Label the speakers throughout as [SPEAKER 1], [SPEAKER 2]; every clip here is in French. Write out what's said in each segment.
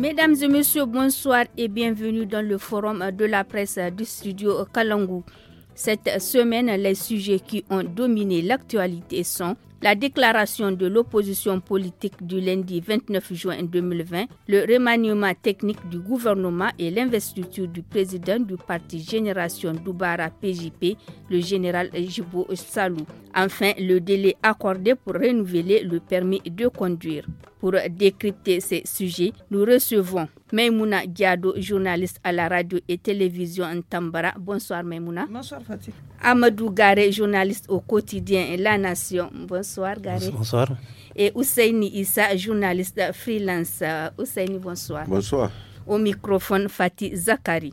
[SPEAKER 1] Mesdames et messieurs, bonsoir et bienvenue dans le forum de la presse du studio Kalangu. Cette semaine, les sujets qui ont dominé l'actualité sont la déclaration de l'opposition politique du lundi 29 juin 2020, le remaniement technique du gouvernement et l'investiture du président du parti Génération Doubara PJP, le général Jibo Salou. Enfin, le délai accordé pour renouveler le permis de conduire. Pour décrypter ces sujets, nous recevons Maimouna Diado, journaliste à la radio et télévision en Tambara. Bonsoir Maimouna. Bonsoir Fatih. Amadou Garé, journaliste au quotidien La Nation. Bonsoir Garé. Bonsoir. Et Ousseini Issa, journaliste freelance. Ousseini, bonsoir. Bonsoir. Au microphone, Fatih Zakari.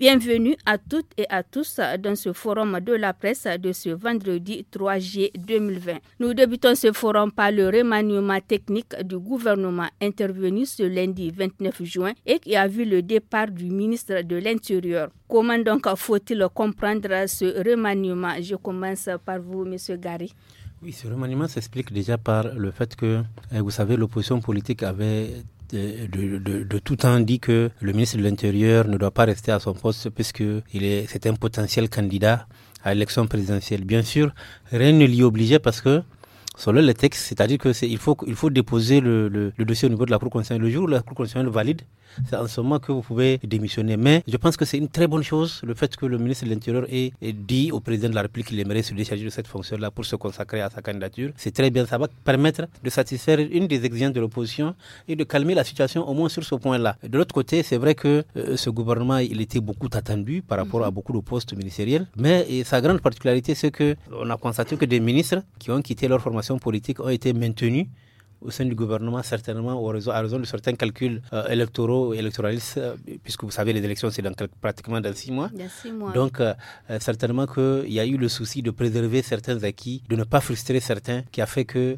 [SPEAKER 1] Bienvenue à toutes et à tous dans ce forum de la presse de ce vendredi 3 juillet 2020. Nous débutons ce forum par le remaniement technique du gouvernement intervenu ce lundi 29 juin et qui a vu le départ du ministre de l'Intérieur. Comment donc faut-il comprendre ce remaniement Je commence par vous, Monsieur Gary.
[SPEAKER 2] Oui, ce remaniement s'explique déjà par le fait que, eh, vous savez, l'opposition politique avait de, de, tout temps dit que le ministre de l'Intérieur ne doit pas rester à son poste puisque il est, c'est un potentiel candidat à l'élection présidentielle. Bien sûr, rien ne l'y obligeait parce que selon les textes, c'est-à-dire qu'il faut, il faut déposer le, dossier au niveau de la Cour constitutionnelle. Le jour où la Cour constitutionnelle valide, c'est en ce moment que vous pouvez démissionner. Mais je pense que c'est une très bonne chose le fait que le ministre de l'Intérieur ait, dit au président de la République qu'il aimerait se décharger de cette fonction-là pour se consacrer à sa candidature. C'est très bien, ça va permettre de satisfaire une des exigences de l'opposition et de calmer la situation au moins sur ce point-là. De l'autre côté, c'est vrai que euh, ce gouvernement, il était beaucoup attendu par rapport à beaucoup de postes ministériels, mais sa grande particularité, c'est que on a constaté que des ministres qui ont quitté leur formation politiques ont été maintenues au sein du gouvernement, certainement au à raison de certains calculs euh, électoraux et électoralistes, euh, puisque vous savez, les élections, c'est dans, pratiquement dans six mois. Donc, euh, certainement qu'il y a eu le souci de préserver certains acquis, de ne pas frustrer certains, qui a fait que,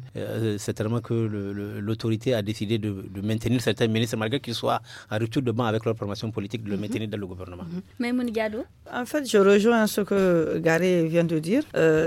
[SPEAKER 2] certainement, que l'autorité a décidé de, maintenir certains ministres, malgré qu'ils soient en retour de banc avec leur formation politique, de le mhm. maintenir dans le gouvernement. Mhm.
[SPEAKER 3] Mais En fait, je rejoins ce que gary vient de dire.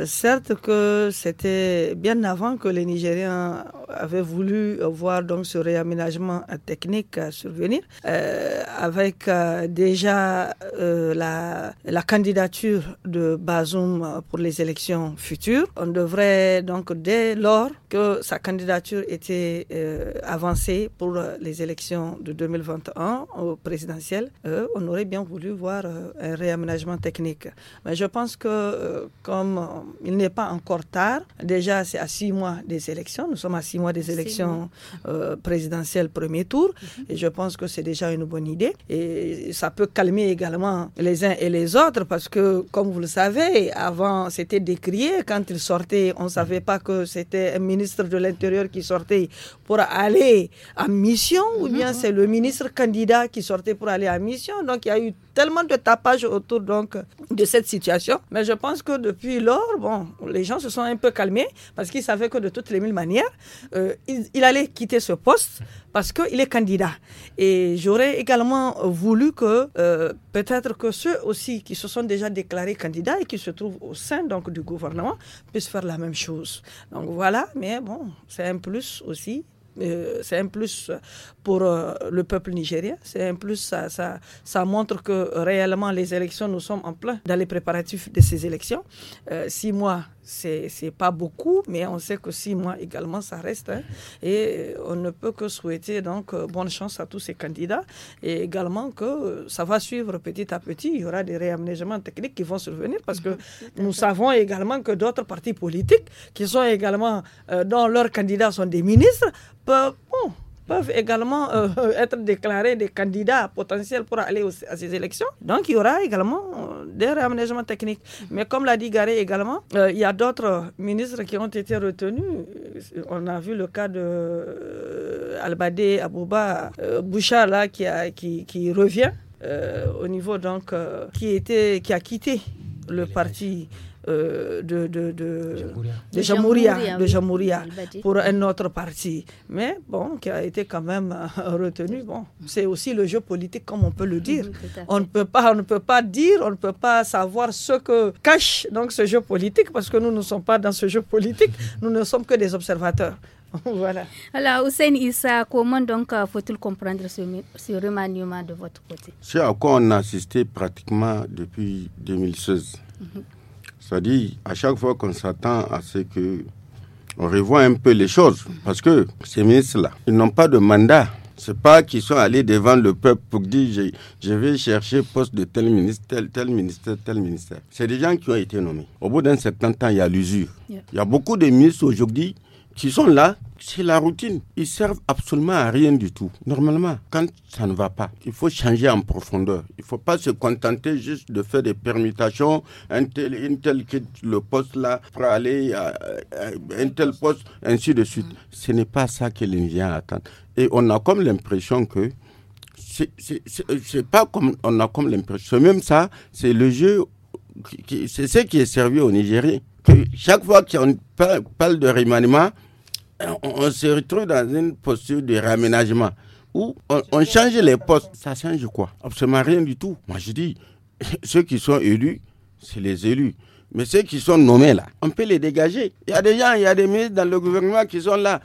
[SPEAKER 3] certes que c'était bien avant que les Nigériens avaient voulu voir donc ce réaménagement euh, technique euh, survenir euh, avec déjà la, la, candidature de Bazoum pour les élections futures. On devrait donc dès lors que sa candidature était avancée pour les élections de 2021 au présidentielles, on aurait bien voulu voir un réaménagement technique. Mais je pense que comme il n'est pas encore tard, déjà c'est à six mois des élections, nous sommes à six mois des élections élection euh, présidentielle premier tour. Mhm. Et je pense que c'est déjà une bonne idée. Et ça peut calmer également les uns et les autres parce que, comme vous le savez, avant, c'était décrié quand il sortait. On ne savait pas que c'était un ministre de l'Intérieur qui sortait pour aller en mission ou bien mhm. c'est le ministre candidat qui sortait pour aller en mission. Donc, il y a eu tellement de tapage autour donc de cette situation. Mais je pense que depuis lors, bon, les gens se sont un peu calmés parce qu'ils savaient que de toutes les mille manières, euh, il, allait quitter ce poste parce qu'il est candidat. Et j'aurais également voulu que euh, peut-être que ceux aussi qui se sont déjà déclarés candidats et qui se trouvent au sein donc, du gouvernement puissent faire la même chose. Donc voilà, mais bon, c'est un plus aussi euh, c'est un plus pour euh, le peuple nigérien. C'est un plus, ça, ça, montre que réellement les élections, nous sommes en plein dans les préparatifs de ces élections. six mois c'est pas beaucoup, mais on sait que six mois également, ça reste. Hein. et euh, on ne peut que souhaiter donc euh, bonne chance à tous ces candidats et également que euh, ça va suivre petit à petit. Il y aura des réaménagements techniques qui vont survenir parce que nous savons également que d'autres partis politiques qui sont également, dont leurs candidats sont des ministres, peuvent peuvent également euh, être déclarés des candidats potentiels pour aller à ces élections. Donc il y aura également euh, des réaménagements techniques. Mais comme l'a dit Garé également, euh, il y a d'autres ministres qui ont été retenus. On a vu le cas de euh, Abouba Bouchard là, qui, revient au niveau donc qui était qui a quitté le parti euh, de, de, de, de Jamouria, pour un autre parti. Mais bon, qui a été quand même euh, retenu. Bon, c'est aussi le jeu politique, comme on peut le dire. on, ne peut pas, on ne peut pas dire, on ne peut pas savoir ce que cache donc ce jeu politique, parce que nous ne sommes pas dans ce jeu politique, nous ne sommes que des observateurs. voilà.
[SPEAKER 1] Alors, Hussein Issa, comment donc euh, faut-il comprendre ce, ce, remaniement de votre côté
[SPEAKER 4] C'est à quoi on a assisté pratiquement depuis 2016. C'est-à-dire, à chaque fois qu'on s'attend à ce que on revoit un peu les choses, parce que ces ministres-là, ils n'ont pas de mandat. C'est pas qu'ils sont allés devant le peuple pour dire je, vais chercher poste de tel ministre, tel, ministre, ministère, tel ministère. C'est des gens qui ont été nommés. Au bout d'un certain temps, il y a l'usure. Il y a beaucoup de ministres aujourd'hui qui sont là, c'est la routine. Ils servent absolument à rien du tout. Normalement, quand ça ne va pas, il faut changer en profondeur. Il ne faut pas se contenter juste de faire des permutations. Un tel, le poste là pour aller à, euh, euh, un tel poste, ainsi de suite. Mm. Ce n'est pas ça que les attend. attendent. Et on a comme l'impression que c'est pas comme on a comme l'impression. Même ça, c'est le jeu, c'est ce qui est servi au Nigeria. Chaque fois qu'on parle de remaniement, on, se retrouve dans une posture de raménagement où on, on change les postes. Ça change quoi Absolument rien du tout. Moi, je dis, ceux qui sont élus, c'est les élus. Mais ceux qui sont nommés là, on peut les dégager. Il y a des gens, il y a des ministres dans le gouvernement qui sont là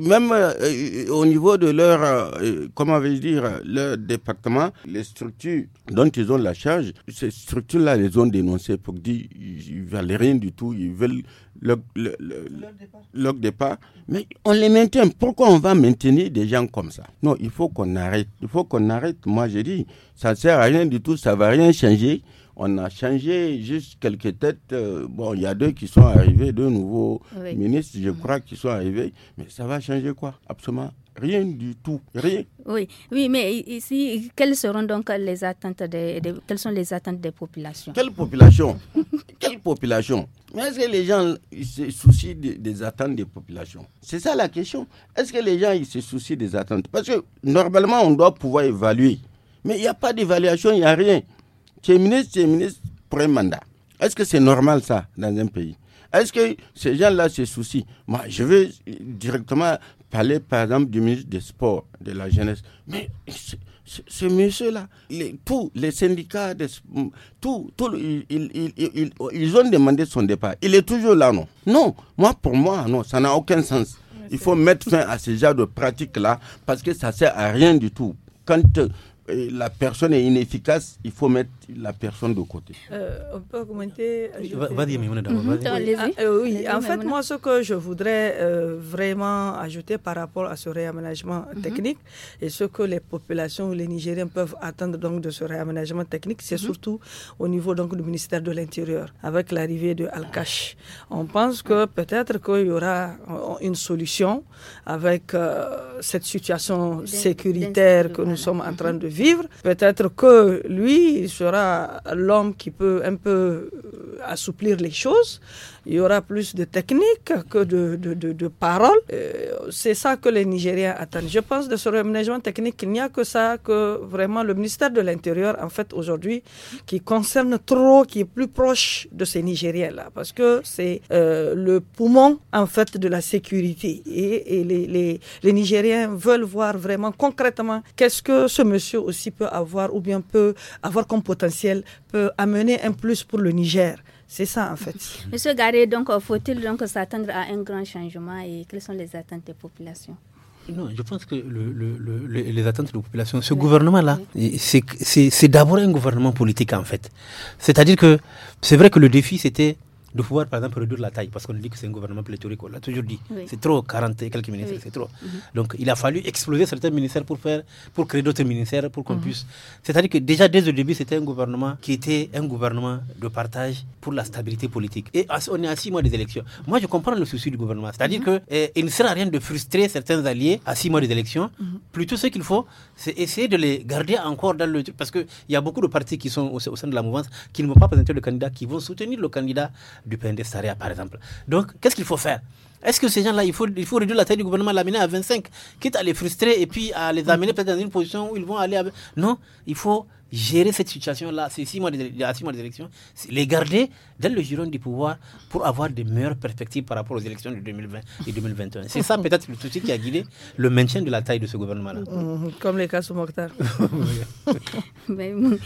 [SPEAKER 4] même euh, euh, au niveau de leur, euh, comment vais dire, leur département, les structures dont ils ont la charge, ces structures-là les ont dénoncées pour dire qu'ils ne valent rien du tout, ils veulent leur, départ. Mais on les maintient. Pourquoi on va maintenir des gens comme ça Non, il faut qu'on arrête. Il faut qu'on arrête. Moi, j'ai dit, ça ne sert à rien du tout, ça ne va rien changer. On a changé juste quelques têtes. Euh, bon, il y a deux qui sont arrivés, deux nouveaux ministres, je mhm. crois, qui sont arrivés. Mais ça va changer quoi Absolument rien du tout, rien.
[SPEAKER 1] Oui, oui, mais ici, quelles seront donc les attentes des, quelles sont les attentes des populations Quelle
[SPEAKER 4] population Quelle population Mais est-ce que les gens se soucient des, attentes des populations C'est ça la question. Est-ce que les gens ils se soucient des attentes Parce que normalement, on doit pouvoir évaluer. Mais il n'y a pas d'évaluation, il n'y a rien. Tu es ministre, tu es ministre pour un mandat. Est-ce que c'est normal ça dans un pays Est-ce que ces gens-là se soucient Moi, je veux directement parler par exemple du ministre des Sports, de la jeunesse. Mais ce, monsieur-là, tous les syndicats, ils ont demandé son départ. Il est toujours là, non Non, moi pour moi, non, ça n'a aucun sens. Il faut mettre fin à ce genre de pratique là parce que ça sert à rien du tout. Quand euh, la personne est inefficace, il faut mettre la personne de côté.
[SPEAKER 3] Euh, on peut augmenter.
[SPEAKER 2] Vas-y, mhm. ah, euh, Oui, en fait, moi,
[SPEAKER 3] ce que je voudrais euh, vraiment ajouter par rapport à ce réaménagement mhm. technique et ce que les populations ou les Nigériens peuvent attendre donc, de ce réaménagement technique, c'est mhm. surtout au niveau donc, du ministère de l'Intérieur, avec l'arrivée de Al-Kash. On pense que peut-être qu'il y aura une solution avec cette situation sécuritaire que nous sommes en train de vivre. Peut-être que lui, sera l'homme qui peut un peu assouplir les choses. Il y aura plus de techniques que de, de, de, paroles. Euh, c'est ça que les Nigériens attendent. Je pense de ce réaménagement technique, il n'y a que ça, que vraiment le ministère de l'Intérieur, en fait, aujourd'hui, qui concerne trop, qui est plus proche de ces Nigériens-là. Parce que c'est euh, le poumon, en fait, de la sécurité. Et, et les, les, les Nigériens veulent voir vraiment concrètement qu'est-ce que ce monsieur aussi peut avoir ou bien peut avoir comme potentiel, peut amener un plus pour le Niger. C'est ça, en fait.
[SPEAKER 1] Monsieur Garé, donc, faut-il donc s'attendre à un grand changement et quelles sont les attentes des populations
[SPEAKER 2] non, je pense que les attentes de populations... population, ce gouvernement-là, c'est d'abord un gouvernement politique en fait. C'est-à-dire que c'est vrai que le défi, c'était de pouvoir, par exemple, réduire la taille, parce qu'on dit que c'est un gouvernement pléthorique, on l'a toujours dit. C'est trop, 40 et quelques ministères, c'est trop. Mhm. Donc, il a fallu exploser certains ministères pour, faire, pour créer d'autres ministères, pour qu'on mhm. puisse. C'est-à-dire que déjà, dès le début, c'était un gouvernement qui était un gouvernement de partage pour la stabilité politique. Et on est à six mois des élections. Moi, je comprends le souci du gouvernement. C'est-à-dire qu'il mhm. que eh, ne sert à rien de frustrer certains alliés à six mois des élections. Plutôt, ce qu'il faut, c'est essayer de les garder encore dans le Parce qu'il y a beaucoup de partis qui sont au, sein de la mouvance qui ne vont pas présenter le candidat, qui vont soutenir le candidat du PND Saria, par exemple. Donc, qu'est-ce qu'il faut faire est-ce que ces gens-là, il faut, il faut réduire la taille du gouvernement, l'amener à 25, quitte à les frustrer et puis à les amener peut-être dans une position où ils vont aller Non, il faut gérer cette situation-là, c'est six mois d'élection, les garder dans le giron du pouvoir pour avoir de meilleures perspectives par rapport aux élections de 2020 et 2021. C'est ça peut-être le souci qui a guidé le maintien de la taille de ce gouvernement-là.
[SPEAKER 3] Mm, mm, comme les cas sous Mokhtar.
[SPEAKER 1] Ben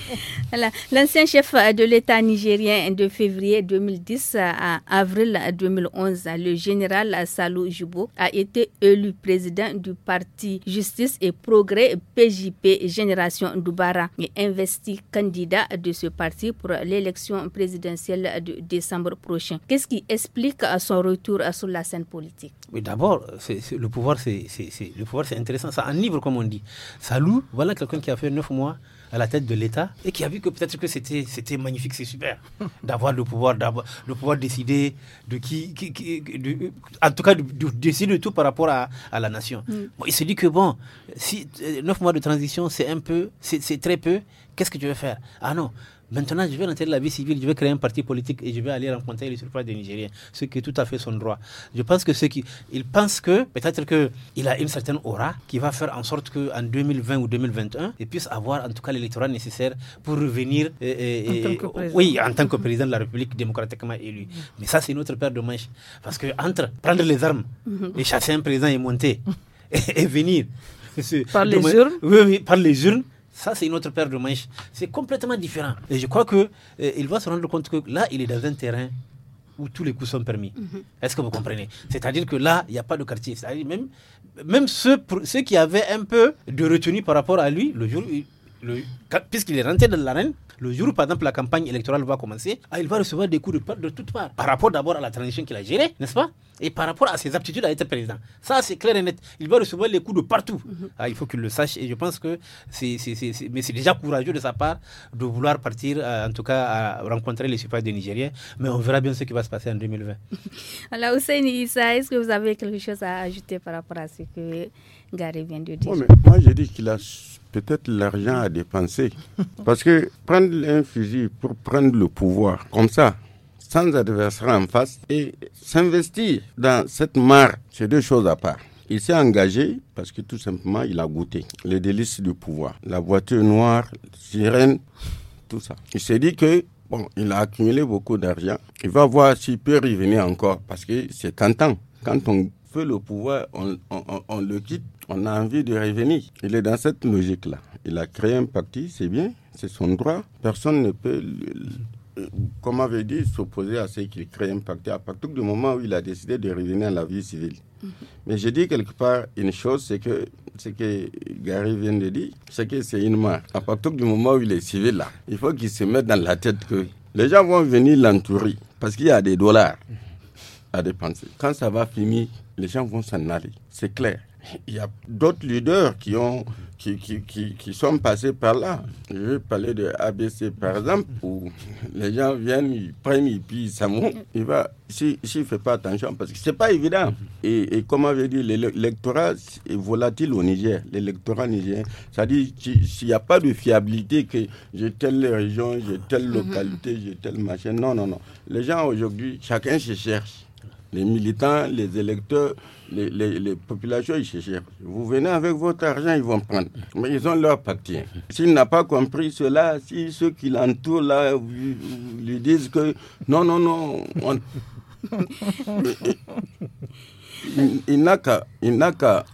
[SPEAKER 1] L'ancien chef de l'État nigérien de février 2010 à avril 2011, le général Salou Jubo a été élu président du parti Justice et Progrès PJP Génération Doubara et investi candidat de ce parti pour l'élection présidentielle de décembre prochain. Qu'est-ce qui explique euh, son retour euh, sur la scène politique
[SPEAKER 2] d'abord, le pouvoir, c'est intéressant. Ça enivre, comme on dit. Ça loue. Voilà quelqu'un qui a fait neuf mois à la tête de l'État et qui a vu que peut-être que c'était magnifique, c'est super d'avoir le pouvoir d'avoir le pouvoir décider de qui, en tout cas de, décider de tout par rapport à, la nation. Mm. il se dit que bon, si euh, neuf mois de transition, c'est un peu, c'est très peu. Qu'est-ce que tu veux faire Ah non, Maintenant, je vais rentrer dans la vie civile, je vais créer un parti politique et je vais aller rencontrer les surfaces des Nigériens, ce qui est tout à fait son droit. Je pense que ceux qui. Ils pensent que peut-être qu'il a une certaine aura qui va faire en sorte qu'en 2020 ou 2021, il puisse avoir en tout cas l'électorat nécessaire pour revenir. Et, euh, euh, en euh, tant que oui, en tant que président de la République démocratiquement élu. Mm-hmm. Mais ça, c'est une autre paire de manches. Parce que entre prendre les armes mm-hmm. et chasser un président et monter et, venir. Par les urnes Oui, oui, par les urnes. Ça, c'est une autre paire de manches. C'est complètement différent. Et je crois qu'il eh, il va se rendre compte que là, il est dans un terrain où tous les coups sont permis. Mhm. Est-ce que vous comprenez C'est-à-dire que là, il n'y a pas de quartier. cest même, même ceux, qui avaient un peu de retenue par rapport à lui, le jour, puisqu'il est rentré dans l'arène, le jour où, par exemple, la campagne électorale va commencer, ah, il va recevoir des coups de, de toutes parts. Par rapport d'abord à la transition qu'il a gérée, n'est-ce pas Et par rapport à ses aptitudes à être président. Ça, c'est clair et net. Il va recevoir les coups de partout. Mhm. Ah, il faut qu'il le sache. Et je pense que c'est, mais c'est déjà courageux de sa part de vouloir partir, euh, en tout cas, à rencontrer les supporters des Nigériens. Mais on verra bien ce qui va se passer en 2020.
[SPEAKER 1] Alors, Hussein Issa, est-ce que vous avez quelque chose à ajouter par rapport à ce que Gary vient de moi,
[SPEAKER 4] je dis qu'il a peut-être l'argent à dépenser. Parce que prendre un fusil pour prendre le pouvoir, comme ça, sans adversaire en face, et s'investir dans cette mare, c'est deux choses à part. Il s'est engagé parce que tout simplement, il a goûté les délices du pouvoir. La voiture noire, sirène, tout ça. Il s'est dit que Bon, il a accumulé beaucoup d'argent. Il va voir s'il peut revenir encore parce que c'est tentant. Quand on fait le pouvoir, on, le quitte, on a envie de revenir. Il est dans cette logique-là. Il a créé un parti, c'est bien, c'est son droit. Personne ne peut, comme avait dit, s'opposer à ce qu'il crée un parti à partir du moment où il a décidé de revenir à la vie civile. Mhm. Mais j'ai dit quelque part une chose, c'est que ce que Gary vient de dire, c'est que c'est une marque. À partir du moment où il est civil, là, il faut qu'il se mette dans la tête que les gens vont venir l'entourer parce qu'il y a des dollars à dépenser. Quand ça va finir, les gens vont s'en aller. C'est clair. Il y a d'autres leaders qui, ont, qui, qui, qui, sont passés par là. Je vais parler de ABC, par exemple, où les gens viennent, ils prennent, ils pillent, ça monte. Il va, s'il ne fait pas attention, parce que ce n'est pas évident. Et, et comme avait dit, l'électorat est volatile au Niger, l'électorat nigérien. C'est-à-dire, s'il n'y a pas de fiabilité, que j'ai telle région, j'ai telle mhm. localité, j'ai telle machin. Non, non, non. Les gens aujourd'hui, chacun se cherche les militants, les électeurs, les, populations, ils cherchent. Vous venez avec votre argent, ils vont prendre. Mais ils ont leur parti. S'il n'a pas compris cela, si ceux qui l'entourent là lui disent que non, non, non, il, n'a qu'à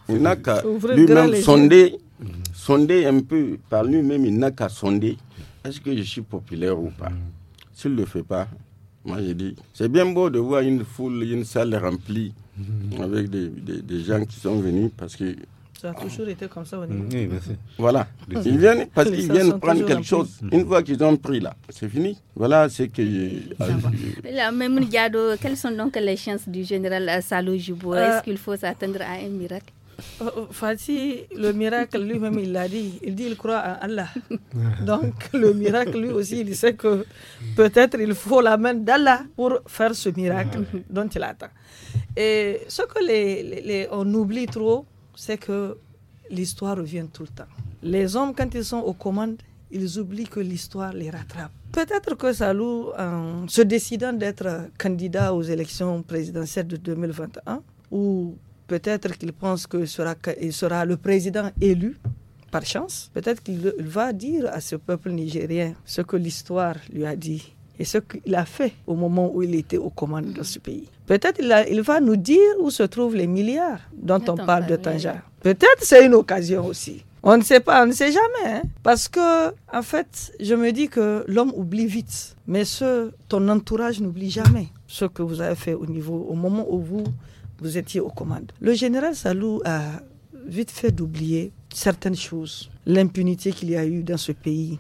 [SPEAKER 4] lui-même sonder, sonder un peu par lui-même, il n'a qu'à sonder est-ce que je suis populaire ou pas S'il ne le fait pas, moi, j'ai dit, c'est bien beau de voir une foule, une salle remplie mhm. avec des, des, gens qui sont venus parce que
[SPEAKER 3] ça a toujours été comme ça au niveau. Oui, merci. Ben, voilà. Ils viennent parce qu'ils
[SPEAKER 4] viennent prendre quelque chose. Une fois qu'ils ont pris là, c'est fini. Voilà ce que j'ai.
[SPEAKER 1] Même Gado, quelles sont donc les chances du général Salo Jiboua euh, Est-ce qu'il faut s'attendre à un
[SPEAKER 3] miracle Fatih, le miracle lui-même, il l'a dit. Il dit il croit en Allah. Donc, le miracle, lui aussi, il sait que peut-être il faut la main d'Allah pour faire ce miracle dont il attend. Et ce que les, on oublie trop, c'est que l'histoire revient tout le temps. Les hommes, quand ils sont aux commandes, ils oublient que l'histoire les rattrape. Peut-être que Salou, en se décidant d'être candidat aux élections présidentielles de 2021, ou peut-être qu'il pense qu'il sera, sera le président élu par chance. Peut-être qu'il va dire à ce peuple nigérien ce que l'histoire lui a dit et ce qu'il a fait au moment où il était aux commandes de ce pays. Peut-être qu'il va nous dire où se trouvent les milliards dont on parle de Tangier. Peut-être c'est une occasion aussi. On ne sait pas, on ne sait jamais. Hein. Parce que, en fait, je me dis que l'homme oublie vite. Mais ce, ton entourage n'oublie jamais ce que vous avez fait au niveau, au moment où vous vous étiez aux commandes. Le général Salou a vite fait d'oublier certaines choses. L'impunité qu'il y a eu dans ce pays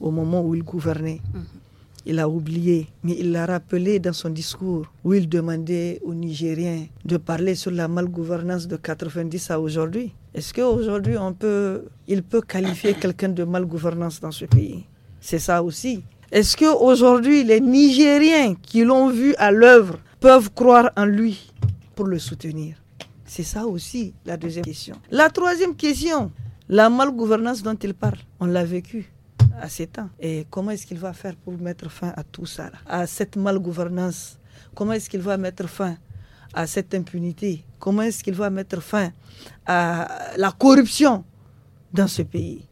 [SPEAKER 3] au moment où il gouvernait. Mhm. Il a oublié, mais il l'a rappelé dans son discours où il demandait aux Nigériens de parler sur la malgouvernance de 90 à aujourd'hui. Est-ce qu'aujourd'hui on peut, il peut qualifier quelqu'un de malgouvernance dans ce pays C'est ça aussi. Est-ce qu'aujourd'hui les Nigériens qui l'ont vu à l'œuvre peuvent croire en lui le soutenir C'est ça aussi la deuxième question. La troisième question, la malgouvernance dont il parle, on l'a vécu à ces temps. Et comment est-ce qu'il va faire pour mettre fin à tout ça, à cette malgouvernance Comment est-ce qu'il va mettre fin à cette impunité Comment est-ce qu'il va mettre fin à la corruption dans ce pays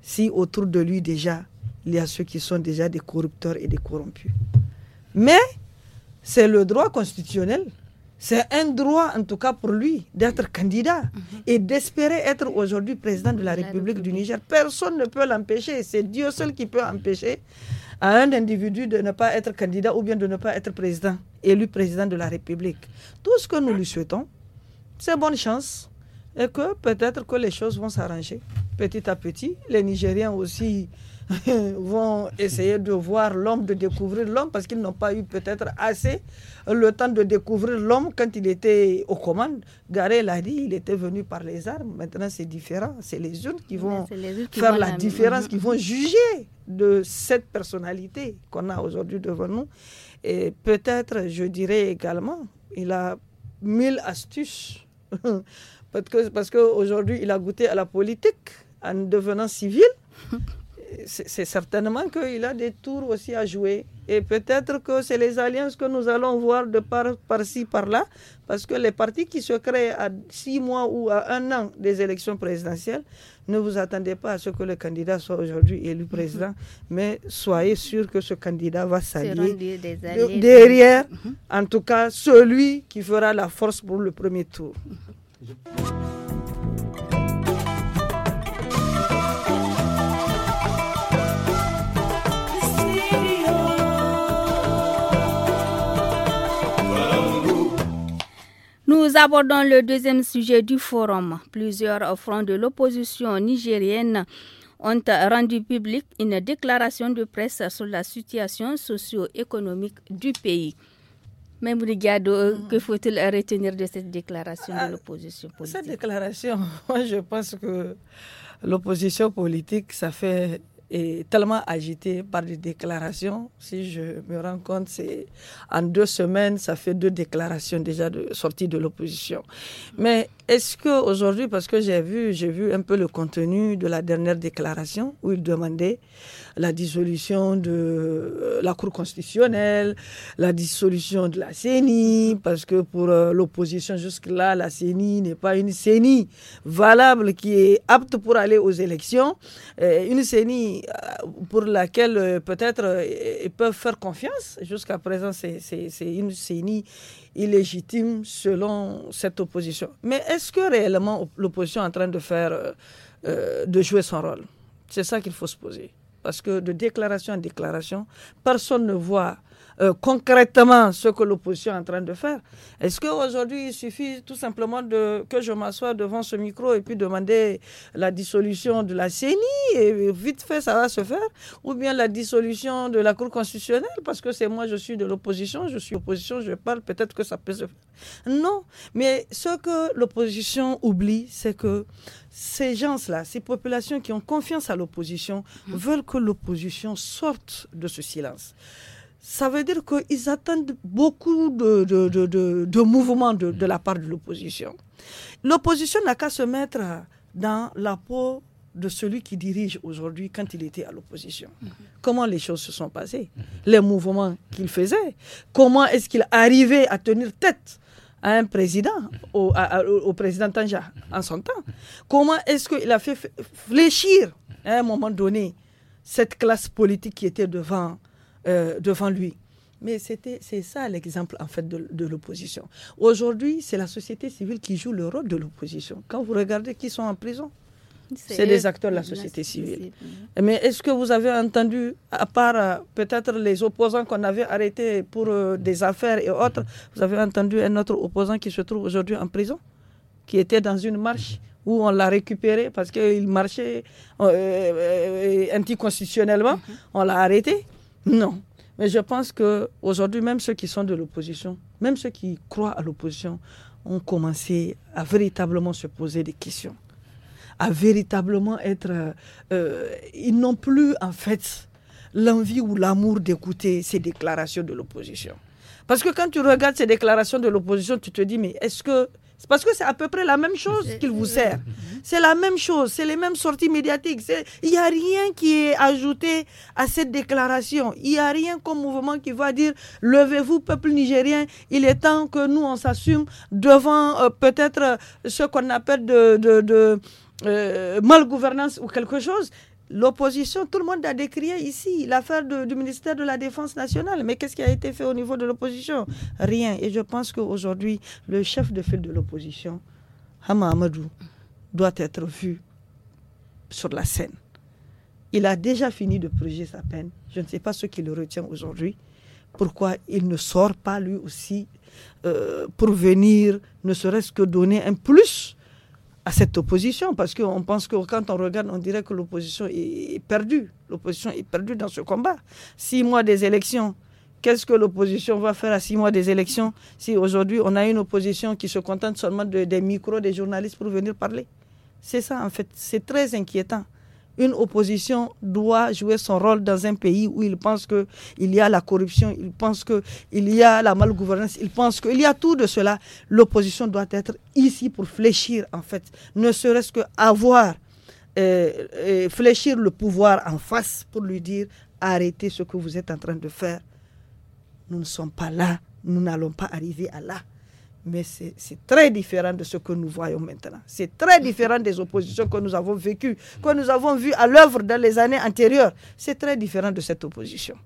[SPEAKER 3] Si autour de lui déjà, il y a ceux qui sont déjà des corrupteurs et des corrompus. Mais c'est le droit constitutionnel c'est un droit, en tout cas pour lui, d'être candidat mhm. et d'espérer être aujourd'hui président de la République du Niger. Personne ne peut l'empêcher. C'est Dieu seul qui peut empêcher à un individu de ne pas être candidat ou bien de ne pas être président, élu président de la République. Tout ce que nous lui souhaitons, c'est bonne chance et que peut-être que les choses vont s'arranger petit à petit. Les Nigériens aussi vont essayer de voir l'homme, de découvrir l'homme, parce qu'ils n'ont pas eu peut-être assez le temps de découvrir l'homme quand il était aux commandes. garé l'a dit, il était venu par les armes. Maintenant, c'est différent. C'est les jeunes qui vont
[SPEAKER 5] faire la différence, qui vont
[SPEAKER 3] juger de cette personnalité qu'on a aujourd'hui devant nous. Et peut-être, je dirais également, il a mille astuces. parce qu'aujourd'hui, parce que il a goûté à la politique en devenant civil. c'est certainement qu'il a des tours aussi à jouer. Et peut-être que c'est les alliances que nous allons voir de par-ci, par ci par là parce que les partis qui se créent à six mois ou à un an des élections présidentielles, ne vous attendez pas à ce que le candidat soit aujourd'hui élu président, mhm. mais soyez sûr que ce candidat va s'allier derrière, mhm. en tout cas, celui qui fera la force pour le premier tour.
[SPEAKER 1] Nous abordons le deuxième sujet du forum. Plusieurs fronts de l'opposition nigérienne ont rendu public une déclaration de presse sur la situation socio-économique du pays. Même Brigado, euh, que mm. faut-il retenir de cette déclaration de ah, l'opposition
[SPEAKER 3] politique Cette déclaration, moi je pense que l'opposition politique, ça fait est tellement agité par des déclarations. Si je me rends compte, c'est en deux semaines, ça fait deux déclarations déjà de sortie de l'opposition. Mais est-ce que aujourd'hui, parce que j'ai vu, j'ai vu un peu le contenu de la dernière déclaration où il demandait la dissolution de euh, la Cour constitutionnelle, la dissolution de la CENI, parce que pour euh, l'opposition jusque-là, la CENI n'est pas une CENI valable qui est apte pour aller aux élections, euh, une CENI pour laquelle peut-être ils peuvent faire confiance. Jusqu'à présent, c'est une CENI illégitime selon cette opposition. Mais est-ce que réellement l'opposition est en train de faire, de jouer son rôle C'est ça qu'il faut se poser. Parce que de déclaration en déclaration, personne ne voit euh, concrètement ce que l'opposition est en train de faire. Est-ce qu'aujourd'hui, il suffit tout simplement de, que je m'assoie devant ce micro et puis demander la dissolution de la CENI et vite fait, ça va se faire Ou bien la dissolution de la Cour constitutionnelle parce que c'est moi, je suis de l'opposition, je suis opposition, je parle, peut-être que ça peut se faire. Non, mais ce que l'opposition oublie, c'est que ces gens-là, ces populations qui ont confiance à l'opposition, mmh. veulent que l'opposition sorte de ce silence ça veut dire qu'ils attendent beaucoup de, mouvements de, la part de l'opposition. L'opposition n'a qu'à se mettre dans la peau de celui qui dirige aujourd'hui quand il était à l'opposition. Comment les choses se sont passées, les mouvements qu'il faisait, comment est-ce qu'il arrivait à tenir tête à un président, au, au président Tanja en son temps, comment est-ce qu'il a fait fléchir à un moment donné cette classe politique qui était devant euh, devant lui. Mais c'était, c'est ça l'exemple en fait de, l'opposition. Aujourd'hui, c'est la société civile qui joue le rôle de l'opposition. Quand vous regardez qui sont en prison, c'est les acteurs de la société civile. Mais est-ce que vous avez entendu, à part euh, peut-être les opposants qu'on avait arrêtés pour euh, des affaires et autres, vous avez entendu un autre opposant qui se trouve aujourd'hui en prison, qui était dans une marche où on l'a récupéré parce qu'il marchait euh, anticonstitutionnellement, mm-hmm. on l'a arrêté. Non. Mais je pense qu'aujourd'hui, même ceux qui sont de l'opposition, même ceux qui croient à l'opposition, ont commencé à véritablement se poser des questions, à véritablement être... Euh, euh, ils n'ont plus, en fait, l'envie ou l'amour d'écouter ces déclarations de l'opposition. Parce que quand tu regardes ces déclarations de l'opposition, tu te dis, mais est-ce que c'est parce que c'est à peu près la même chose qu'il vous sert. Mhm. C'est la même chose, c'est les mêmes sorties médiatiques. Il n'y a rien qui est ajouté à cette déclaration. Il n'y a rien comme mouvement qui va dire levez-vous, peuple nigérien, il est temps que nous, on s'assume devant euh, peut-être euh, ce qu'on appelle de, de, euh, mal gouvernance ou quelque chose. L'opposition, tout le monde a décrié ici l'affaire du ministère de la Défense nationale. Mais qu'est-ce qui a été fait au niveau de l'opposition Rien. Et je pense qu'aujourd'hui, le chef de file de l'opposition, Hamamadou, doit être vu sur la scène. Il a déjà fini de purger sa peine. Je ne sais pas ce qui le retient aujourd'hui. Pourquoi il ne sort pas lui aussi euh, pour venir, ne serait-ce que donner un plus cette opposition, parce qu'on pense que quand on regarde, on dirait que l'opposition est perdue. L'opposition est perdue dans ce combat. Six mois des élections, qu'est-ce que l'opposition va faire à six mois des élections si aujourd'hui on a une opposition qui se contente seulement de, des micros des journalistes pour venir parler C'est ça, en fait. C'est très inquiétant une opposition doit jouer son rôle dans un pays où il pense qu'il y a la corruption, il pense qu'il y a la malgouvernance, il pense qu'il y a tout de cela. L'opposition doit être ici pour fléchir, en fait, ne serait-ce que avoir, euh, euh, fléchir le pouvoir en face pour lui dire arrêtez ce que vous êtes en train de faire. Nous ne sommes pas là, nous n'allons pas arriver à là. Mais c'est très différent de ce que nous voyons maintenant. C'est très différent des oppositions que nous avons vécues, que nous avons vues à l'œuvre dans les années antérieures. C'est très différent de cette opposition.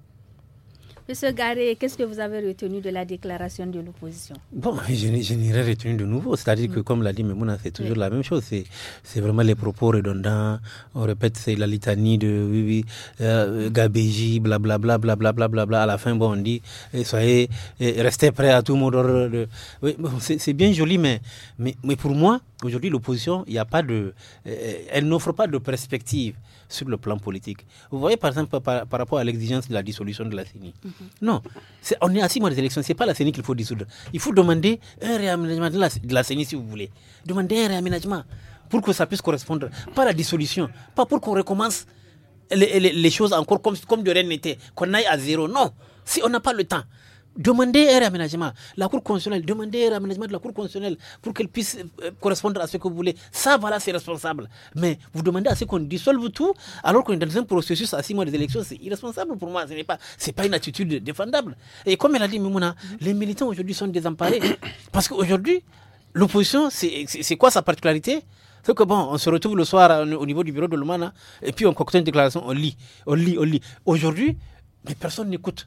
[SPEAKER 1] Monsieur Garé, qu'est-ce que vous avez retenu de la déclaration de l'opposition Bon,
[SPEAKER 2] je, n'irai retenu de nouveau. C'est-à-dire que, mm. comme l'a dit Memouna, c'est toujours la même chose. C'est vraiment les propos redondants. On répète, c'est la litanie de oui, oui, euh, Gabéji, blablabla, blablabla, blablabla. À la fin, bon, on dit eh, soyez, eh, restez prêts à tout monde Oui, c'est bien joli, mais, mais, pour moi, aujourd'hui, l'opposition, il n'y a pas de. Eh, elle n'offre pas de perspective sur le plan politique. Vous voyez, par exemple, par, rapport à l'exigence de la dissolution de la CENI. Mhm. Non, on est à six mois des élections, ce n'est pas la CENI qu'il faut dissoudre. Il faut demander un réaménagement de la, de CENI, si vous voulez. Demander un réaménagement pour que ça puisse correspondre. Pas la dissolution, pas pour qu'on recommence les, choses encore comme, comme de rien n'était, qu'on aille à zéro. Non, si on n'a pas le temps. Demandez un réaménagement. La Cour constitutionnelle, demander un de la Cour constitutionnelle pour qu'elle puisse euh, correspondre à ce que vous voulez. Ça, voilà, c'est responsable. Mais vous demandez à ce qu'on dissolve tout, alors qu'on est dans un processus à six mois des élections, c'est irresponsable pour moi. Ce n'est pas, c'est pas une attitude défendable. Et comme elle a dit, Mimouna, mhm. les militants aujourd'hui sont désemparés. Parce qu'aujourd'hui, l'opposition, c'est quoi sa particularité c'est que bon, on se retrouve le soir euh, au niveau du bureau de l'OMANA et puis on cocte une déclaration, on lit, on lit, on lit. Aujourd'hui, mais personne n'écoute.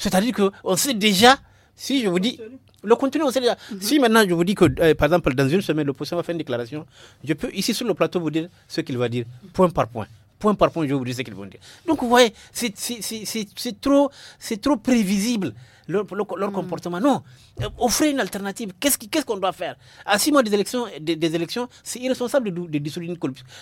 [SPEAKER 2] C'est-à-dire qu'on sait déjà, si je vous dis, le contenu, on sait déjà. Mhm. Si maintenant je vous dis que, eh, par exemple, dans une semaine, le va faire une déclaration, je peux ici sur le plateau vous dire ce qu'il va dire, point par point. Point par point, je vous dire ce qu'ils vont dire. Donc, vous voyez, c'est trop, trop prévisible leur, mhm. comportement. Non, euh, offrez une alternative. Qu'est-ce qu'on doit faire À six mois des élections, des, élections c'est irresponsable de dissoudre une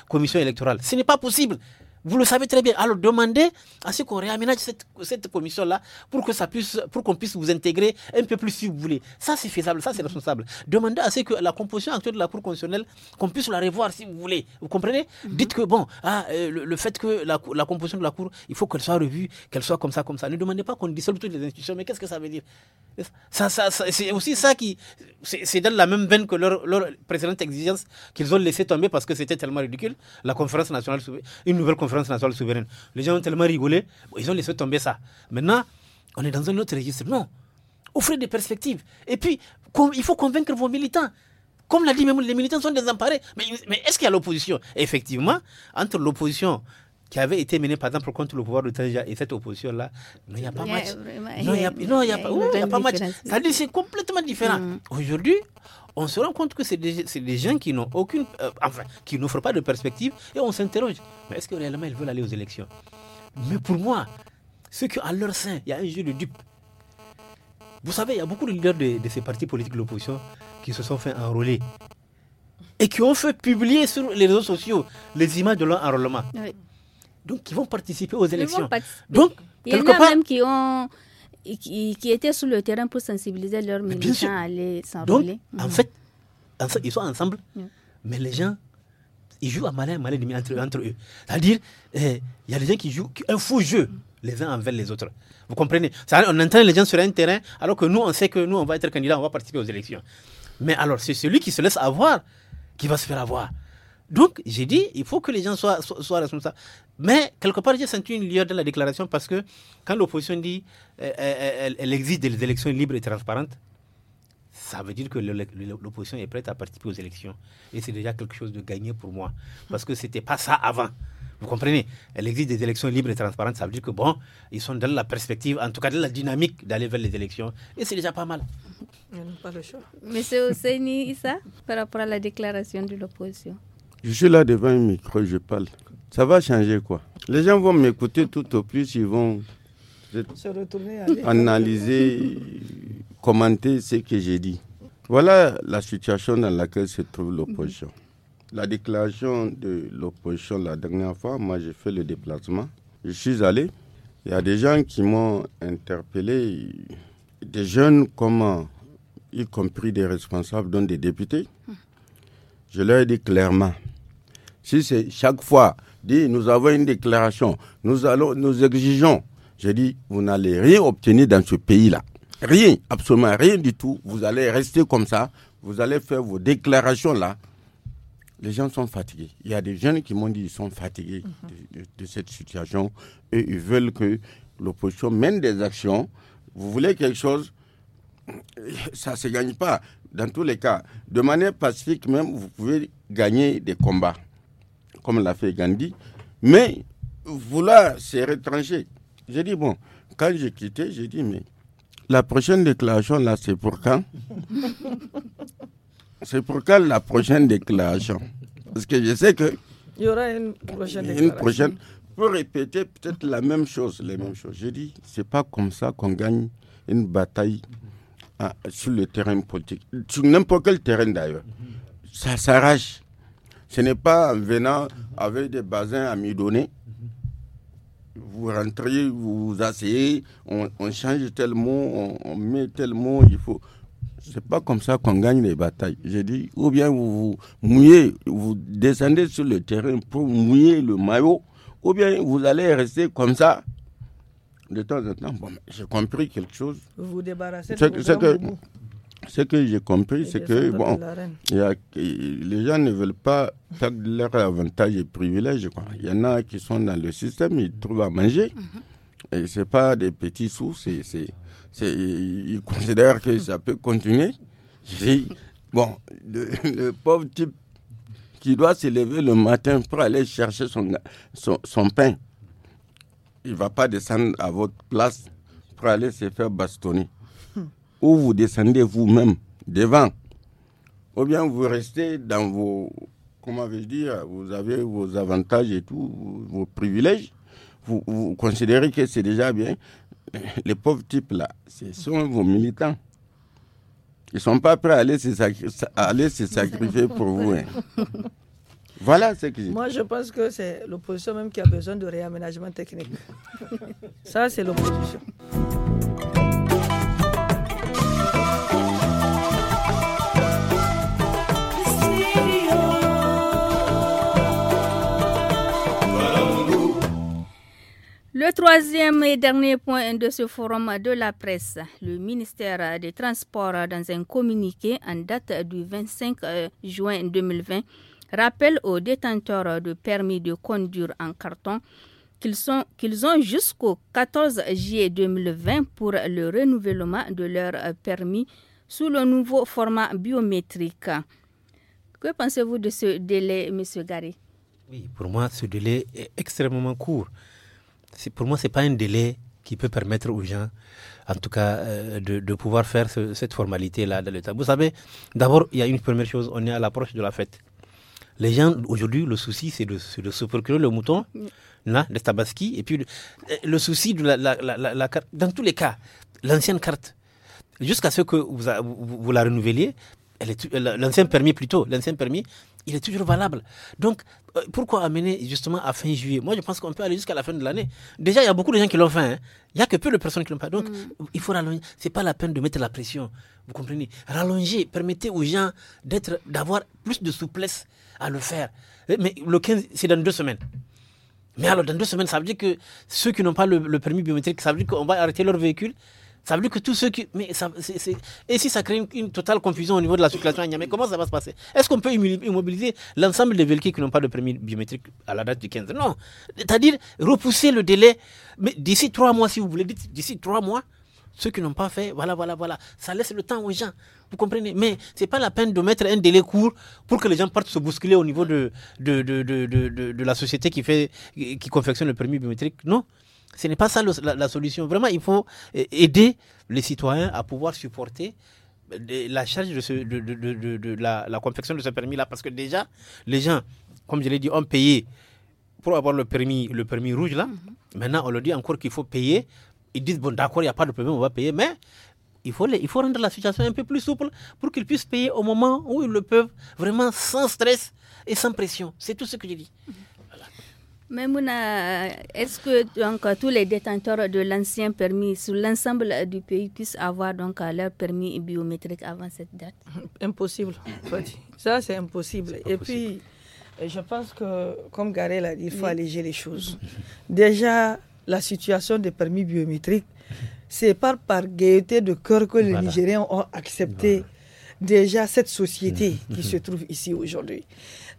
[SPEAKER 2] commission électorale. Ce n'est pas possible. Vous le savez très bien. Alors demandez à ce qu'on réaménage cette, cette commission-là pour que ça puisse, pour qu'on puisse vous intégrer un peu plus si vous voulez. Ça, c'est faisable, ça, c'est responsable. Demandez à ce que la composition actuelle de la Cour constitutionnelle, qu'on puisse la revoir si vous voulez. Vous comprenez mhm. Dites que, bon, ah, euh, le, fait que la, composition de la Cour, il faut qu'elle soit revue, qu'elle soit comme ça, comme ça. Ne demandez pas qu'on dissolve toutes les institutions, mais qu'est-ce que ça veut dire ça, C'est aussi ça qui. C'est dans la même veine que leur, précédente exigence qu'ils ont laissé tomber parce que c'était tellement ridicule. La conférence nationale, une nouvelle conférence France nationale souveraine. Les gens ont tellement rigolé, ils ont laissé tomber ça. Maintenant, on est dans un autre registre. Non. Offrez des perspectives. Et puis, il faut convaincre vos militants. Comme l'a dit même, les militants sont désemparés. Mais, mais est-ce qu'il y a l'opposition Effectivement, entre l'opposition qui avait été menée, par exemple, contre le pouvoir de Tanja et cette opposition-là, il n'y a pas match.
[SPEAKER 1] Non, il n'y a, pas match.
[SPEAKER 2] C'est complètement différent. Mm. Aujourd'hui, on se rend compte que c'est des, gens qui n'ont aucune, euh, qui n'offrent pas de perspective et on s'interroge. Mais est-ce que réellement ils veulent aller aux élections Mais pour moi, que à leur sein, il y a un jeu de dupes. Vous savez, il y a beaucoup de leaders de, ces partis politiques de l'opposition qui se sont fait enrôler et qui ont fait publier sur les réseaux sociaux les images de leur enrôlement. Donc, ils vont participer aux élections. Donc, il y a même
[SPEAKER 1] qui ont qui, étaient sur le terrain pour sensibiliser leurs militants à aller s'enrôler. Donc, en, mhm. fait,
[SPEAKER 2] ils sont ensemble, mais les gens, ils jouent à malin malin entre, entre eux. C'est-à-dire, eh, il y a des gens qui jouent un faux jeu les uns envers les autres. Vous comprenez On entraîne les gens sur un terrain, alors que nous, on sait que nous, on va être candidat, on va participer aux élections. Mais alors, c'est celui qui se laisse avoir qui va se faire avoir. Donc, j'ai dit, il faut que les gens soient, responsables. Mais, quelque part, j'ai senti une lueur dans la déclaration parce que quand l'opposition dit euh, euh, elle, des élections libres et transparentes, ça veut dire que l'opposition est prête à participer aux élections. Et c'est déjà quelque chose de gagné pour moi. Parce que ce n'était pas ça avant. Vous comprenez Elle existe des élections libres et transparentes. Ça veut dire que, bon, ils sont dans la perspective, en tout cas dans la dynamique d'aller vers les élections. Et c'est déjà pas mal.
[SPEAKER 1] Mais c'est pas le choix. Monsieur Issa, par rapport à la déclaration de l'opposition
[SPEAKER 4] je suis là devant un micro, je parle. Ça va changer quoi Les gens vont m'écouter tout au plus, ils vont analyser, commenter ce que j'ai dit. Voilà la situation dans laquelle se trouve l'opposition. La déclaration de l'opposition la dernière fois, moi j'ai fait le déplacement. Je suis allé. Il y a des gens qui m'ont interpellé, des jeunes comme y compris des responsables, dont des députés. Je leur ai dit clairement, si c'est chaque fois, dit, nous avons une déclaration, nous, allons, nous exigeons, Je dis, vous n'allez rien obtenir dans ce pays-là. Rien, absolument rien du tout. Vous allez rester comme ça, vous allez faire vos déclarations là. Les gens sont fatigués. Il y a des jeunes qui m'ont dit qu'ils sont fatigués mhm. de, cette situation et ils veulent que l'opposition mène des actions. Vous voulez quelque chose, ça ne se gagne pas. Dans tous les cas, de manière pacifique même, vous pouvez gagner des combats comme l'a fait Gandhi, mais vouloir se retrancher. J'ai dit, bon, quand j'ai quitté, j'ai dit, mais la prochaine déclaration, là, c'est pour quand C'est pour quand la prochaine déclaration Parce que je sais que... Il y aura une prochaine déclaration. pour répéter peut-être la même chose, les mêmes choses. Je dis, c'est pas comme ça qu'on gagne une bataille ah, sur le terrain politique, sur n'importe quel terrain d'ailleurs. Ça s'arrache. Ce n'est pas en venant avec des basins à me donner. Vous rentrez, vous vous asseyez, on, change tellement, on, met tellement, il faut. n'est pas comme ça qu'on gagne les batailles. J'ai dit, ou bien vous vous mouillez, vous descendez sur le terrain pour mouiller le maillot, ou bien vous allez rester comme ça de temps en temps. j'ai compris quelque chose. Vous
[SPEAKER 3] vous débarrassez de que,
[SPEAKER 4] ce que j'ai compris, c'est que bon, les gens ne veulent pas perdre leurs avantages et privilèges. Il y en a qui sont dans le système, ils trouvent à manger. Mhm. Et ce n'est pas des petits sous, c'est, ils considèrent que ça peut continuer. bon, le, pauvre type qui doit se lever le matin pour aller chercher son, son, son pain, il ne va pas descendre à votre place pour aller se faire bastonner ou vous descendez vous-même devant, ou bien vous restez dans vos, comment vais-je dire, vous avez vos avantages et tout, vos privilèges, vous, considérez que c'est déjà bien. Les pauvres types là, ce sont vos militants. Ils ne sont pas prêts à aller se, sacrifier pour vous. Hein. Voilà ce que je Moi, je
[SPEAKER 3] pense que c'est l'opposition même qui a besoin de réaménagement technique. Ça, c'est l'opposition.
[SPEAKER 1] Le troisième et dernier point de ce forum de la presse, le ministère des Transports, dans un communiqué en date du 25 euh, juin 2020, rappelle aux détenteurs de permis de conduire en carton qu'ils ont jusqu'au 14 juillet 2020 pour le renouvellement de leur permis sous le nouveau format biométrique. Que pensez-vous de ce délai, M. Gary
[SPEAKER 2] Oui, pour moi, ce délai est extrêmement court pour moi, c'est pas un délai qui peut permettre aux gens, en tout cas, euh, de, pouvoir faire cette formalité-là dans l'État. Vous savez, d'abord, il y a une première chose, on est à l'approche de la fête. Les gens, aujourd'hui, le souci, c'est de, se procurer le mouton, là, le tabaski, et puis le, euh, souci de la, carte. Dans tous les cas, l'ancienne carte, jusqu'à ce que vous, vous la renouveliez, l'ancien permis plutôt, l'ancien permis, il est toujours valable. Donc, euh, pourquoi amener justement à fin juillet Moi, je pense qu'on peut aller jusqu'à la fin de l'année. Déjà, il y a beaucoup de gens qui l'ont fait. Hein. Il n'y a que peu de personnes qui l'ont pas. Donc, mm. il faut rallonger. Ce n'est pas la peine de mettre la pression. Vous comprenez Rallonger, permettez aux gens d'être, d'avoir plus de souplesse à le faire. Eh, mais le 15, c'est dans deux semaines. Mais alors, dans deux semaines, ça veut dire que ceux qui n'ont pas le permis biométrique, ça veut dire qu'on va arrêter leur véhicule ça veut dire que tous ceux qui. Mais Et si ça crée une, totale confusion au niveau de la circulation à Niamey, comment ça va se passer Est-ce qu'on peut immobiliser l'ensemble des véhicules qui n'ont pas de permis biométrique à la date du 15 Non. C'est-à-dire repousser le délai. Mais d'ici trois mois, si vous voulez, d'ici trois mois, ceux qui n'ont pas fait, voilà, voilà, voilà. Ça laisse le temps aux gens. Vous comprenez Mais ce n'est pas la peine de mettre un délai court pour que les gens partent se bousculer au niveau de, de, la société qui, fait, qui confectionne le permis biométrique. Non. Ce n'est pas ça la, solution. Vraiment, il faut euh, aider les citoyens à pouvoir supporter euh, la charge de, de, la, confection de ce permis-là. Parce que déjà, les gens, comme je l'ai dit, ont payé pour avoir le permis, le permis rouge. là. Mhm. Maintenant, on leur dit encore qu'il faut payer. Ils disent, bon, d'accord, il n'y a pas de problème, on va payer. Mais il faut, il faut rendre la situation un peu plus souple pour qu'ils puissent payer au moment où ils le peuvent, vraiment sans stress et sans pression. C'est tout ce que j'ai dit. Mhm.
[SPEAKER 1] Mouna, est-ce que donc, tous les détenteurs de l'ancien permis sur l'ensemble du pays puissent avoir donc, leur permis biométrique avant cette date
[SPEAKER 3] Impossible. Ça, c'est impossible. Et puis, euh, je pense que, comme Garel a dit, il faut alléger les choses. Déjà, la situation des permis biométriques, c'est par par gaieté de cœur que les Nigériens ont accepté déjà cette société mmh. qui se mmh. trouve ici aujourd'hui.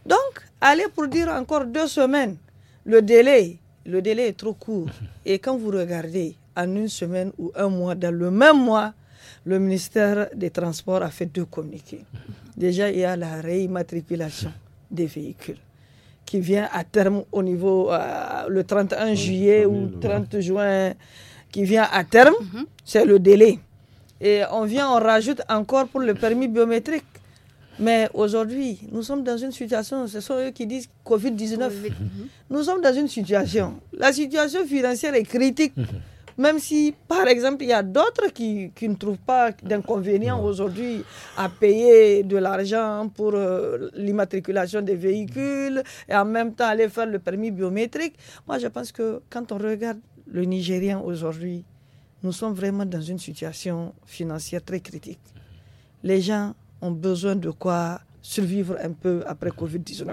[SPEAKER 3] Donc, aller pour dire encore deux semaines, le délai, le délai est trop court. Et quand vous regardez en une semaine ou un mois, dans le même mois, le ministère des Transports a fait deux communiqués. Déjà, il y a la réimmatriculation des véhicules qui vient à terme au niveau euh, le 31 juillet ou 30 juin, qui vient à terme, mhm. c'est le délai. Et on vient, on rajoute encore pour le permis biométrique. Mais aujourd'hui, nous sommes dans une situation, ce sont eux qui disent Covid-19. Mhm. Mhm. Nous sommes dans une situation. La situation financière est critique. Mhm. Même si, par exemple, il y a d'autres qui, qui, ne trouvent pas d'inconvénient aujourd'hui à payer de l'argent pour euh, l'immatriculation des véhicules et en même temps aller faire le permis biométrique. Moi, je pense que quand on regarde le Nigérien aujourd'hui, nous sommes vraiment dans une situation financière très critique. Les gens ont besoin de quoi survivre un peu après Covid-19.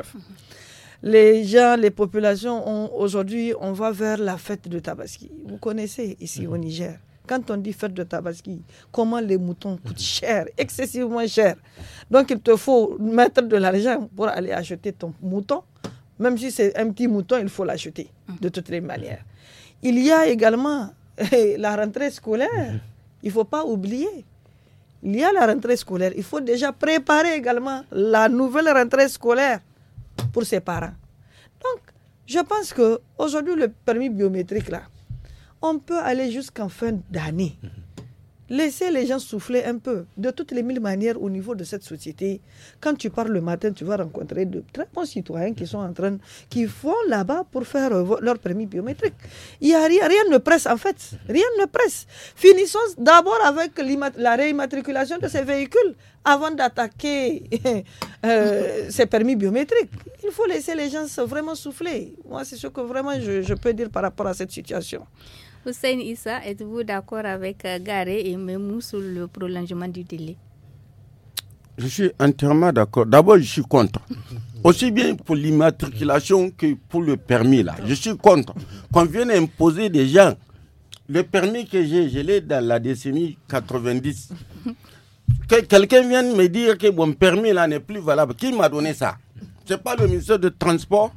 [SPEAKER 3] Les gens, les populations, aujourd'hui, on va vers la fête de Tabaski. Vous connaissez ici au Niger. Quand on dit fête de Tabaski, comment les moutons coûtent cher, excessivement cher. Donc il te faut mettre de l'argent pour aller acheter ton mouton. Même si c'est un petit mouton, il faut l'acheter de toutes les manières. Il y a également la rentrée scolaire. Il ne faut pas oublier il y a la rentrée scolaire. Il faut déjà préparer également la nouvelle rentrée scolaire pour ses parents. Donc, je pense que aujourd'hui le permis biométrique là, on peut aller jusqu'en fin d'année. Laissez les gens souffler un peu de toutes les mille manières au niveau de cette société. Quand tu pars le matin, tu vas rencontrer de très bons citoyens qui sont en train, qui font là-bas pour faire euh, leur permis biométrique. Il y a rien, rien ne presse en fait. Rien ne presse. Finissons d'abord avec la réimmatriculation de ces véhicules avant d'attaquer euh, ces permis biométriques. Il faut laisser les gens vraiment souffler. Moi, c'est ce que vraiment je peux dire par rapport à cette situation.
[SPEAKER 1] Hussein Issa, êtes-vous d'accord avec euh, Garé et Memou sur le prolongement du délai
[SPEAKER 4] Je suis entièrement d'accord. D'abord, je suis contre. Aussi bien pour l'immatriculation que pour le permis, là. Je suis contre. Qu'on vienne imposer des gens. Le permis que j'ai, gelé dans la décennie 90. quelqu'un vienne me dire que mon permis, là, n'est plus valable. Qui m'a donné ça Ce n'est pas le ministère de Transport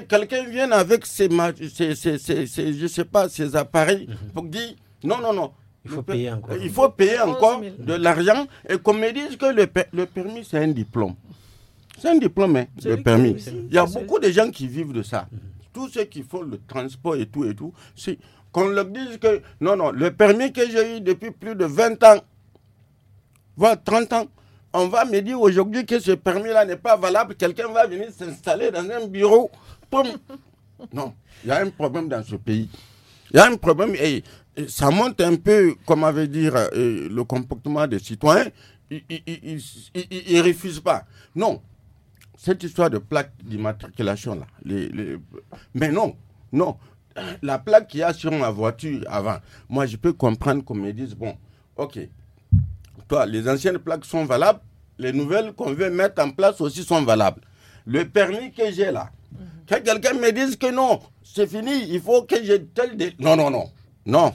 [SPEAKER 4] quelqu'un vienne avec ses, je sais pas, appareils mhm. pour dire non, non, non. Il faut payer encore. Il faut payer encore de l'argent et qu'on me dise que le, permis, c'est un diplôme. C'est un diplôme, hein, le permis. Il y a beaucoup de gens qui vivent de ça. Mhm. Tous ceux qui font le transport et tout et tout, qu'on leur dise que non, non, le permis que j'ai eu depuis plus de 20 ans, voire 30 ans, on va me dire aujourd'hui que ce permis-là n'est pas valable, quelqu'un va venir s'installer dans un bureau non, il y a un problème dans ce pays. Il y a un problème et ça monte un peu, comme avait dire, euh, le comportement des citoyens. Ils ne refusent pas. Non, cette histoire de plaque d'immatriculation là, mais non, non, la plaque qu'il y a sur ma voiture avant, moi je peux comprendre qu'on me dise bon, ok, toi les anciennes plaques sont valables, les nouvelles qu'on veut mettre en place aussi sont valables. Le permis que j'ai là, Mhm. Quand quelqu'un me dise que non, c'est fini, il faut que je tel des... Non, non, non. Non.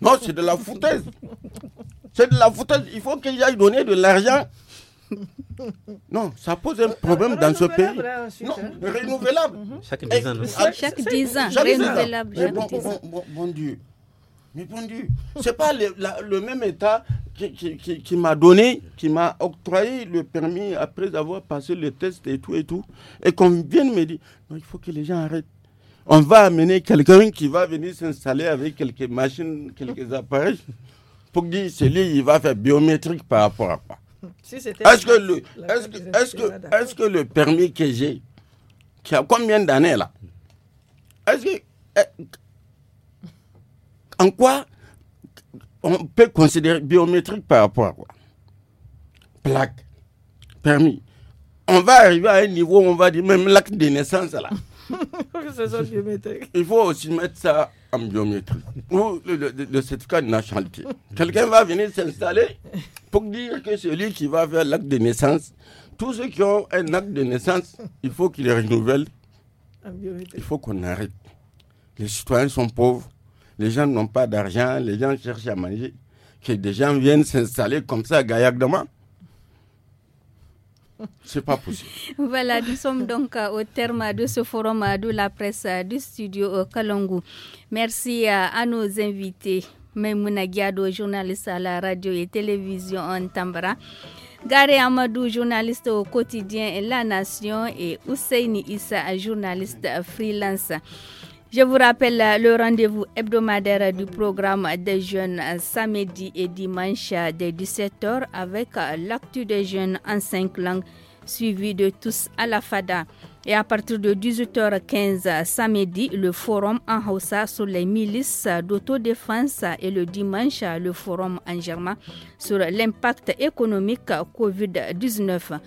[SPEAKER 4] Non, c'est de la foutaise. C'est de la foutaise. Il faut que j'aille donner de l'argent. Non, ça pose un problème dans ce pays. Hein, non, hein. renouvelable. Chaque 10 ans. Chaque 10 ans, renouvelable. Mon Dieu répondu. C'est pas le, le, même État qui, m'a donné, qui m'a octroyé le permis après avoir passé le test et tout et tout. Et qu'on vienne me dire, il faut que les gens arrêtent. On va amener quelqu'un qui va venir s'installer avec quelques machines, quelques appareils, pour dire, celui, il va faire biométrique par rapport à quoi. que, est-ce que le permis que j'ai, qui a combien d'années là, est-ce que eh, en quoi on peut considérer biométrique par rapport à quoi Plaque, permis. On va arriver à un niveau où on va dire même l'acte de naissance là. Il faut aussi mettre ça en biométrie. Ou le, certificat de nationalité. Quelqu'un va venir s'installer pour dire que celui qui va faire l'acte de naissance, tous ceux qui ont un acte de naissance, il faut qu'ils les renouvellent. Il faut qu'on arrête. Les citoyens sont pauvres les gens n'ont pas d'argent, les gens cherchent à manger, que des gens viennent s'installer comme ça à gaillac demain. C'est pas possible.
[SPEAKER 1] voilà, nous sommes donc euh, au terme de ce forum euh, de la presse euh, du studio Kalongo. Merci à nos invités. Même Giado, journaliste à la radio et télévision en Tambra. Gare Amadou, journaliste au quotidien La Nation, et Ousseini Issa, journaliste freelance. Je vous rappelle euh, le rendez-vous hebdomadaire du programme des jeunes euh, samedi et dimanche euh, dès 17h avec l'actu des jeunes en cinq langues suivi de tous à la FADA. Et à partir de 18h15 samedi, le forum en Hausa sur les milices d'autodéfense et le dimanche, le forum en Germain sur l'impact économique COVID-19.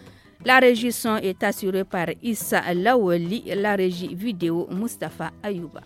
[SPEAKER 1] La régie son est assurée par Issa Lawali, la régie vidéo Mustapha Ayouba.